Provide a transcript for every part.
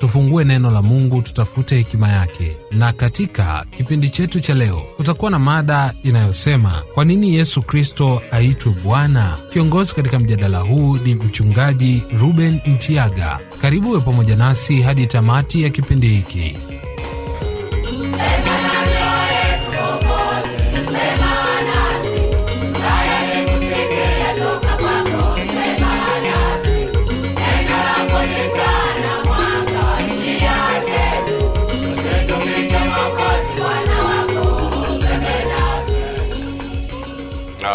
tufungue neno la Mungu, tutafute hekima yake. Na katika kipindi chetu cha leo kutakuwa na mada inayosema kwa nini Yesu Kristo aitwe Bwana. Kiongozi katika mjadala huu ni mchungaji Ruben ntiaga Karibu we pamoja nasi hadi tamati ya kipindi hiki.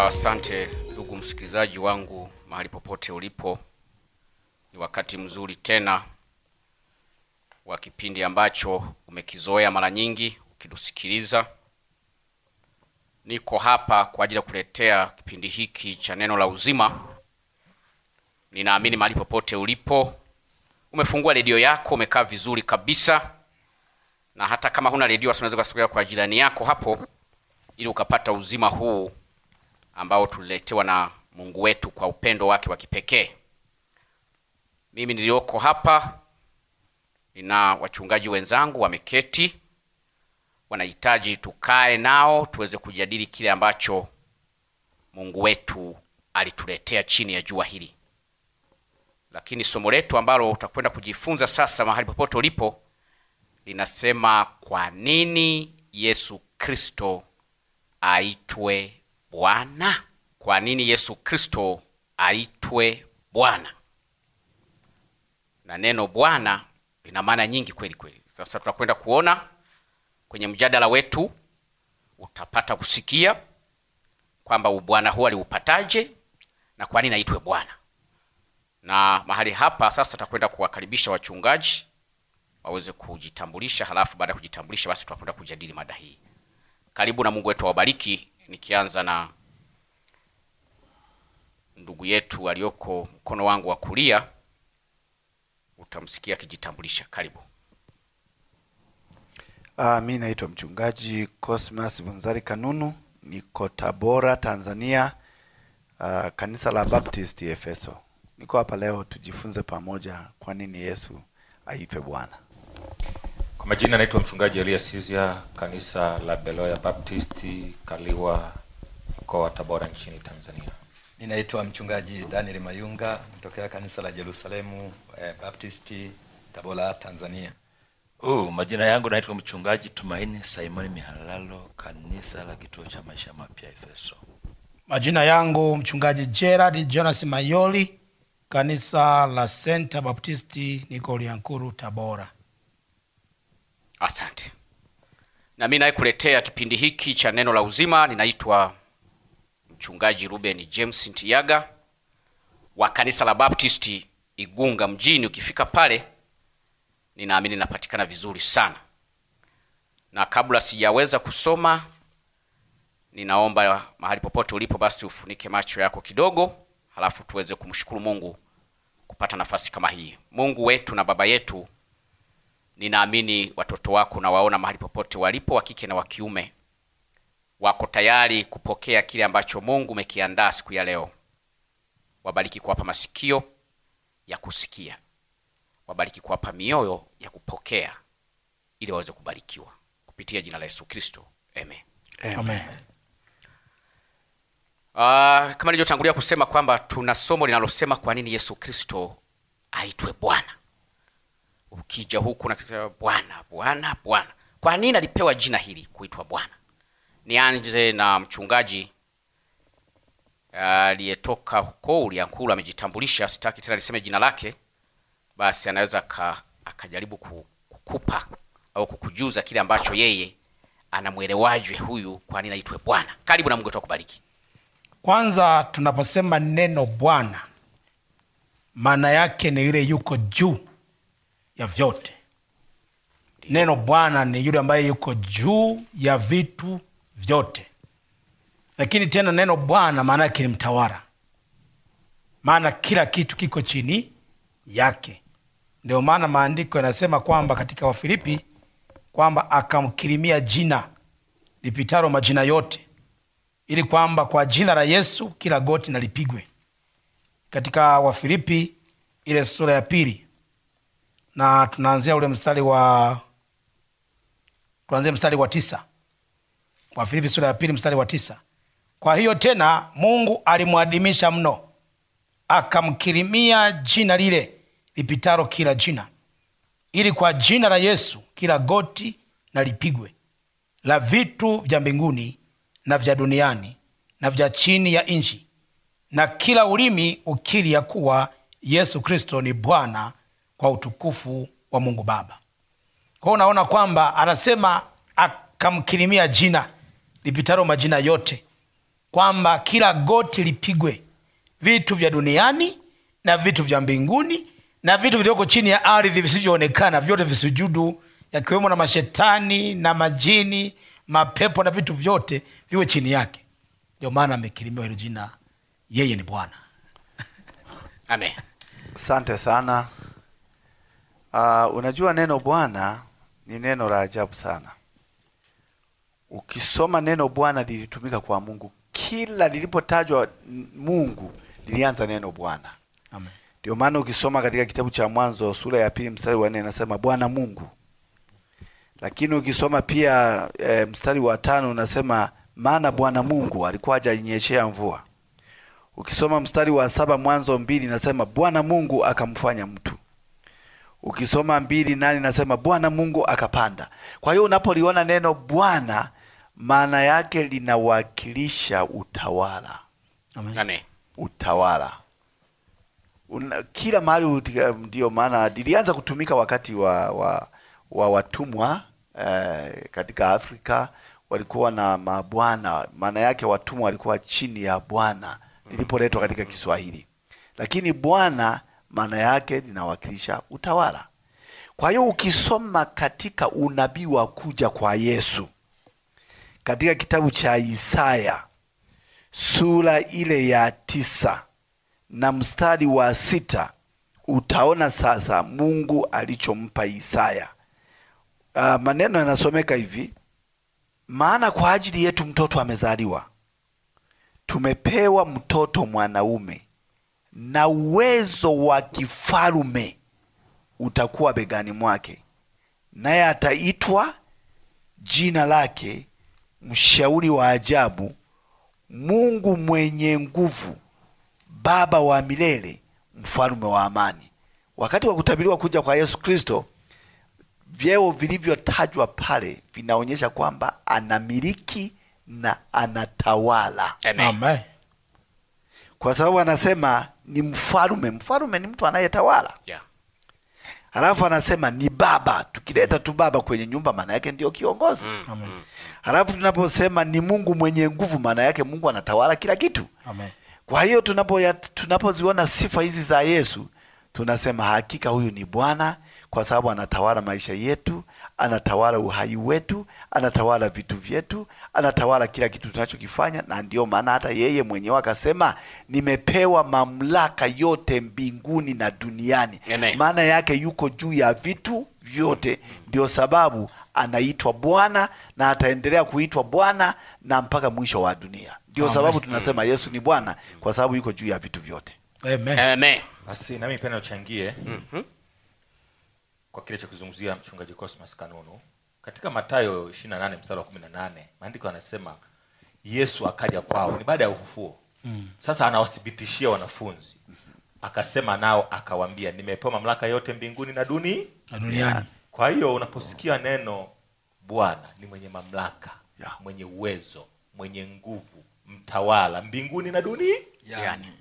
Asante ndugu msikilizaji wangu, mahali popote ulipo, ni wakati mzuri tena wa kipindi ambacho umekizoea mara nyingi ukidusikiliza. Niko hapa kwa ajili ya kuletea kipindi hiki cha neno la uzima. Ninaamini mahali popote ulipo, umefungua redio yako, umekaa vizuri kabisa, na hata kama huna redio, basi unaweza kwa jirani yako hapo, ili ukapata uzima huu ambao tuliletewa na Mungu wetu kwa upendo wake wa kipekee. Mimi nilioko hapa nina wachungaji wenzangu wameketi, wanahitaji tukae nao tuweze kujadili kile ambacho Mungu wetu alituletea chini ya jua hili. Lakini somo letu ambalo utakwenda kujifunza sasa, mahali popote ulipo, linasema kwa nini Yesu Kristo aitwe Bwana. Kwa nini Yesu Kristo aitwe Bwana? Na neno Bwana lina maana nyingi kweli kweli. Sasa tutakwenda kuona kwenye mjadala wetu, utapata kusikia kwamba ubwana huo aliupataje na kwa nini aitwe Bwana. Na mahali hapa sasa tutakwenda kuwakaribisha wachungaji waweze kujitambulisha, halafu baada ya kujitambulisha, basi tutakwenda kujadili mada hii. Karibu na Mungu wetu awabariki nikianza na ndugu yetu aliyoko mkono wangu wa kulia, utamsikia akijitambulisha. Karibu. Uh, mi naitwa mchungaji Cosmas Bunzari Kanunu, niko Tabora, Tanzania, uh, kanisa la Baptist Efeso. Niko hapa leo tujifunze pamoja kwa nini Yesu aitwe Bwana. Kwa majina naitwa mchungaji Elias Sizia, kanisa la Beloya Baptist Kaliwa, mkoa wa Tabora nchini Tanzania. Ninaitwa mchungaji Daniel Mayunga, mtokea kanisa la Jerusalemu eh, Baptist Tabora, Tanzania. Uh, majina yangu naitwa mchungaji Tumaini Simoni Mihalalo, kanisa la Kituo cha Maisha Mapya Efeso. Majina yangu mchungaji Gerard Jonas Mayoli, kanisa la Senta Baptisti, niko Uliankuru, Tabora. Asante. Na mimi nayekuletea kipindi hiki cha neno la uzima, ninaitwa mchungaji Ruben James Ntiyaga wa kanisa la Baptisti Igunga mjini. Ukifika pale, ninaamini napatikana vizuri sana, na kabla sijaweza kusoma, ninaomba mahali popote ulipo, basi ufunike macho yako kidogo, halafu tuweze kumshukuru Mungu kupata nafasi kama hii. Mungu wetu na Baba yetu Ninaamini watoto wako na waona mahali popote walipo, wa kike na wa kiume, wako tayari kupokea kile ambacho Mungu umekiandaa siku ya leo. Wabariki kuwapa masikio ya kusikia, wabariki kuwapa mioyo ya kupokea, ili waweze kubarikiwa kupitia jina la Yesu Kristo, amen, amen. Uh, kama nilivyotangulia kusema kwamba tuna somo linalosema kwa nini Yesu Kristo aitwe Bwana ukija huku na bwana bwana bwana. Kwa nini alipewa jina hili kuitwa bwana? Nianze na mchungaji eh, aliyetoka huko uliankulu amejitambulisha, sitaki tena niseme jina lake, basi anaweza ka, akajaribu kukupa au kukujuza kile ambacho yeye anamwelewajwe huyu, kwa nini aitwe bwana. Karibu na Mungu atakubariki. Kwanza tunaposema neno bwana, maana yake ni yule yuko juu ya vyote. Neno Bwana ni yule ambaye yuko juu ya vitu vyote, lakini tena neno Bwana maana yake ni mtawala, maana kila kitu kiko chini yake. Ndio maana maandiko yanasema kwamba katika Wafilipi kwamba akamkirimia jina lipitaro majina yote, ili kwamba kwa jina la Yesu kila goti nalipigwe Katika Wafilipi ile sura ya pili na tunaanzia ule mstari wa tuanzie mstari wa tisa wa Filipi sura ya pili mstari wa tisa. Kwa hiyo tena Mungu alimwadhimisha mno, akamkirimia jina lile lipitaro kila jina, ili kwa jina la Yesu kila goti na lipigwe, la vitu vya mbinguni na vya duniani na vya chini ya nchi, na kila ulimi ukiri ya kuwa Yesu Kristo ni Bwana kwa utukufu wa Mungu Baba. Kwa hiyo unaona kwamba anasema akamkirimia jina lipitalo majina yote, kwamba kila goti lipigwe, vitu vya duniani na vitu vya mbinguni na vitu vilivyoko chini ya ardhi visivyoonekana, vyote visujudu, yakiwemo na mashetani na majini, mapepo na vitu vyote viwe chini yake. Ndio maana amekirimiwa hilo jina, yeye ni Bwana. Amen. Asante sana. Uh, unajua neno Bwana ni neno la ajabu sana. Ukisoma neno Bwana lilitumika kwa Mungu, kila lilipotajwa Mungu lilianza neno Bwana. Amen. Ndio maana ukisoma katika kitabu cha Mwanzo sura ya pili mstari wa nne nasema Bwana Mungu, lakini ukisoma pia e, mstari wa tano unasema maana Bwana Mungu alikuwa hajanyeshea mvua. Ukisoma mstari wa saba Mwanzo mbili nasema Bwana Mungu akamfanya mtu Ukisoma mbili nane nasema Bwana Mungu akapanda. Kwa hiyo unapoliona neno Bwana maana yake linawakilisha utawala. Amen. Utawala. Una, kila mahali ndio maana lilianza kutumika wakati wa wa, wa watumwa eh, katika Afrika walikuwa na mabwana, maana yake watumwa walikuwa chini ya bwana lilipoletwa katika mm-hmm. Kiswahili. Lakini bwana maana yake linawakilisha utawala. Kwa hiyo ukisoma katika unabii wa kuja kwa Yesu katika kitabu cha Isaya sura ile ya tisa na mstari wa sita utaona sasa Mungu alichompa Isaya. Uh, maneno yanasomeka hivi: maana kwa ajili yetu mtoto amezaliwa, tumepewa mtoto mwanaume na uwezo wa kifalume utakuwa begani mwake, naye ataitwa jina lake mshauri wa ajabu, Mungu mwenye nguvu, Baba wa milele, mfalme wa amani. Wakati wa kutabiriwa kuja kwa Yesu Kristo, vyeo vilivyotajwa pale vinaonyesha kwamba anamiliki na anatawala. Amen. Amen kwa sababu anasema ni mfalume. Mfalume ni mtu anayetawala yeah. Halafu anasema ni baba, tukileta tu baba kwenye nyumba, maana yake ndio kiongozi mm. Amen. tunaposema ni Mungu mwenye nguvu, maana yake Mungu anatawala kila kitu Amen. Kwa hiyo tunapoziona tunapo sifa hizi za Yesu tunasema hakika huyu ni Bwana kwa sababu anatawala maisha yetu, anatawala uhai wetu, anatawala vitu vyetu, anatawala kila kitu tunachokifanya. Na ndiyo maana hata yeye mwenyewe akasema nimepewa mamlaka yote mbinguni na duniani. Maana yake yuko juu ya vitu vyote, ndio sababu anaitwa Bwana na ataendelea kuitwa Bwana na mpaka mwisho wa dunia. Ndio sababu tunasema Yesu ni Bwana, kwa sababu yuko juu ya vitu vyote. Amen. Amen. Basi nami penda uchangie. mm -hmm kwa kile cha kuzungumzia mchungaji Cosmas Kanunu katika Mathayo 28 mstari wa 18, maandiko yanasema Yesu akaja kwao, ni baada ya ufufuo. Mm. Sasa anawathibitishia wanafunzi akasema nao akawambia nimepewa mamlaka yote mbinguni na duni na duniani. Kwa hiyo unaposikia neno Bwana ni mwenye mamlaka yeah, mwenye uwezo, mwenye nguvu, mtawala mbinguni na duni yeah. Yani,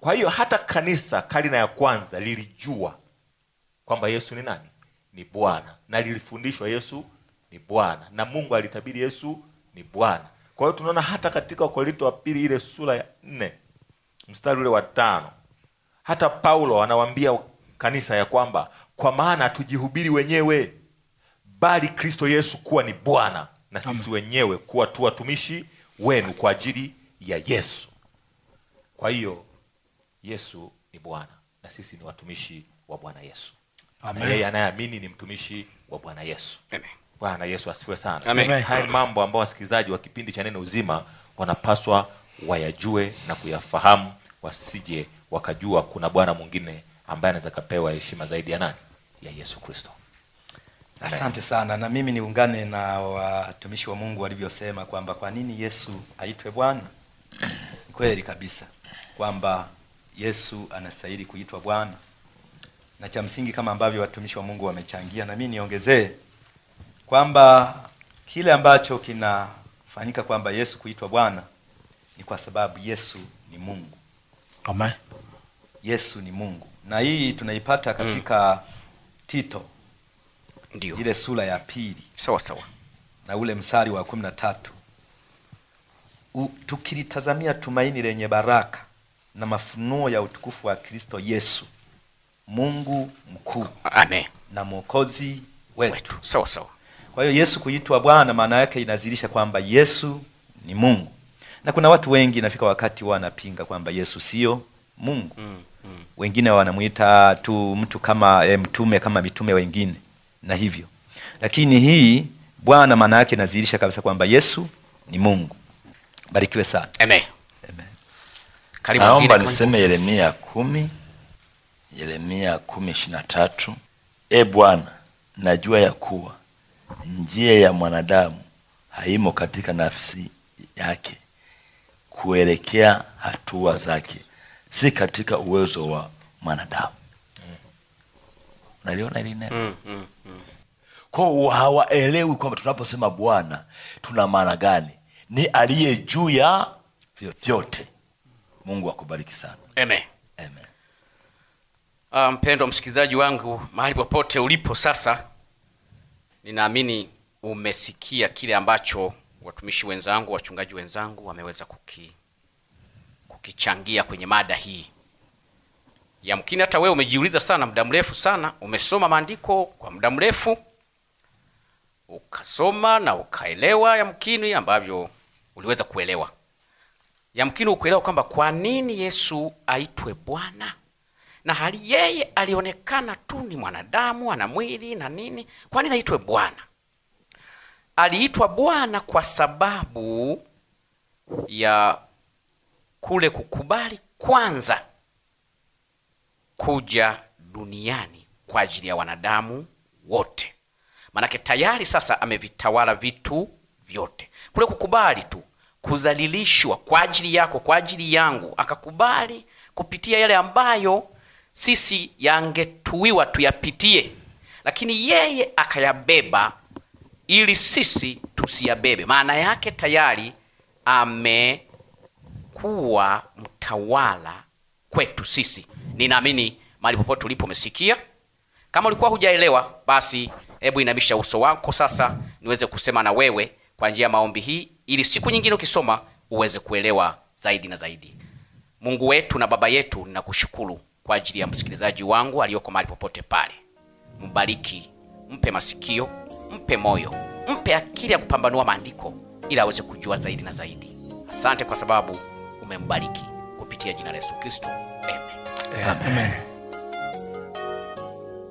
kwa hiyo hata kanisa karina ya kwanza lilijua kwamba Yesu ni nani ni Bwana na lilifundishwa Yesu ni Bwana na Mungu alitabiri Yesu ni Bwana. Kwa hiyo tunaona hata katika Wakorintho wa pili ile sura ya nne mstari ule wa tano hata Paulo anawambia kanisa ya kwamba kwa maana tujihubiri wenyewe, bali Kristo Yesu kuwa ni Bwana na sisi wenyewe kuwa tu watumishi wenu kwa ajili ya Yesu. Kwa hiyo Yesu ni Bwana na sisi ni watumishi wa Bwana Yesu. Amen. Yeye anayeamini ni mtumishi wa Bwana Yesu. Bwana Yesu asifiwe sana. Haya ni mambo ambao wasikilizaji wa kipindi cha Neno Uzima wanapaswa wayajue na kuyafahamu, wasije wakajua kuna bwana mwingine ambaye anaweza kapewa heshima zaidi ya nani? Ya Yesu Kristo. Asante sana, na mimi niungane na watumishi wa Mungu walivyosema kwamba kwa nini Yesu aitwe Bwana. Kweli kabisa kwamba Yesu anastahili kuitwa Bwana na cha msingi kama ambavyo watumishi wa Mungu wamechangia, na mimi niongezee kwamba kile ambacho kinafanyika kwamba Yesu kuitwa Bwana ni kwa sababu Yesu ni Mungu. Amen. Yesu ni Mungu, na hii tunaipata mm. katika mm. Tito ndio ile sura ya pili sawa sawa na ule msari wa kumi na tatu tukilitazamia tumaini lenye baraka na mafunuo ya utukufu wa Kristo Yesu Mungu mkuu Amen. na mwokozi wetu, wetu. Sawa sawa. Kwa hiyo Yesu kuitwa Bwana maana yake inazilisha kwamba Yesu ni Mungu, na kuna watu wengi nafika wakati wanapinga kwamba Yesu sio Mungu mm, mm. Wengine wanamwita tu mtu kama e, mtume kama mitume wengine na hivyo, lakini hii Bwana maana yake inazilisha kabisa kwamba Yesu ni Mungu. Barikiwe sana Amen. Amen. Naomba niseme Yeremia kumi Yeremia kumi ishirini na tatu E Bwana, najua ya kuwa njia ya mwanadamu haimo katika nafsi yake, kuelekea hatua zake si katika uwezo wa mwanadamu. Unaliona hili neno mm, mm, mm. Kwao hawaelewi kwamba tunaposema Bwana tuna maana gani? Ni aliye juu ya vyote. Mungu akubariki sana. Amen. Amen. Ah, mpendwa um, msikilizaji wangu mahali popote ulipo sasa, ninaamini umesikia kile ambacho watumishi wenzangu, wachungaji wenzangu wameweza kuki, kukichangia kwenye mada hii. Yamkini hata wewe umejiuliza sana muda mrefu sana, umesoma maandiko kwa muda mrefu, ukasoma na ukaelewa yamkini ambavyo uliweza kuelewa, yamkini ukuelewa kwamba kwa nini Yesu aitwe Bwana na hali yeye alionekana tu ni mwanadamu, ana mwili na nini. Kwa nini aitwe Bwana? Aliitwa Bwana kwa sababu ya kule kukubali kwanza kuja duniani kwa ajili ya wanadamu wote. Manake tayari sasa amevitawala vitu vyote. Kule kukubali tu kuzalilishwa kwa ajili yako, kwa ajili yangu, akakubali kupitia yale ambayo sisi yangetuiwa tuyapitie, lakini yeye akayabeba ili sisi tusiyabebe. Maana yake tayari amekuwa mtawala kwetu sisi. Ninaamini mali popote ulipo umesikia. Kama ulikuwa hujaelewa, basi hebu inamisha uso wako sasa, niweze kusema na wewe kwa njia ya maombi hii, ili siku nyingine ukisoma uweze kuelewa zaidi na zaidi. Mungu wetu na Baba yetu, ninakushukuru kwa ajili ya msikilizaji wangu aliyoko mahali popote pale. Mbariki, mpe masikio, mpe moyo, mpe akili ya kupambanua maandiko ili aweze kujua zaidi na zaidi. Asante kwa sababu umembariki kupitia jina la Yesu Kristo. Amen. Amen. Amen.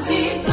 quase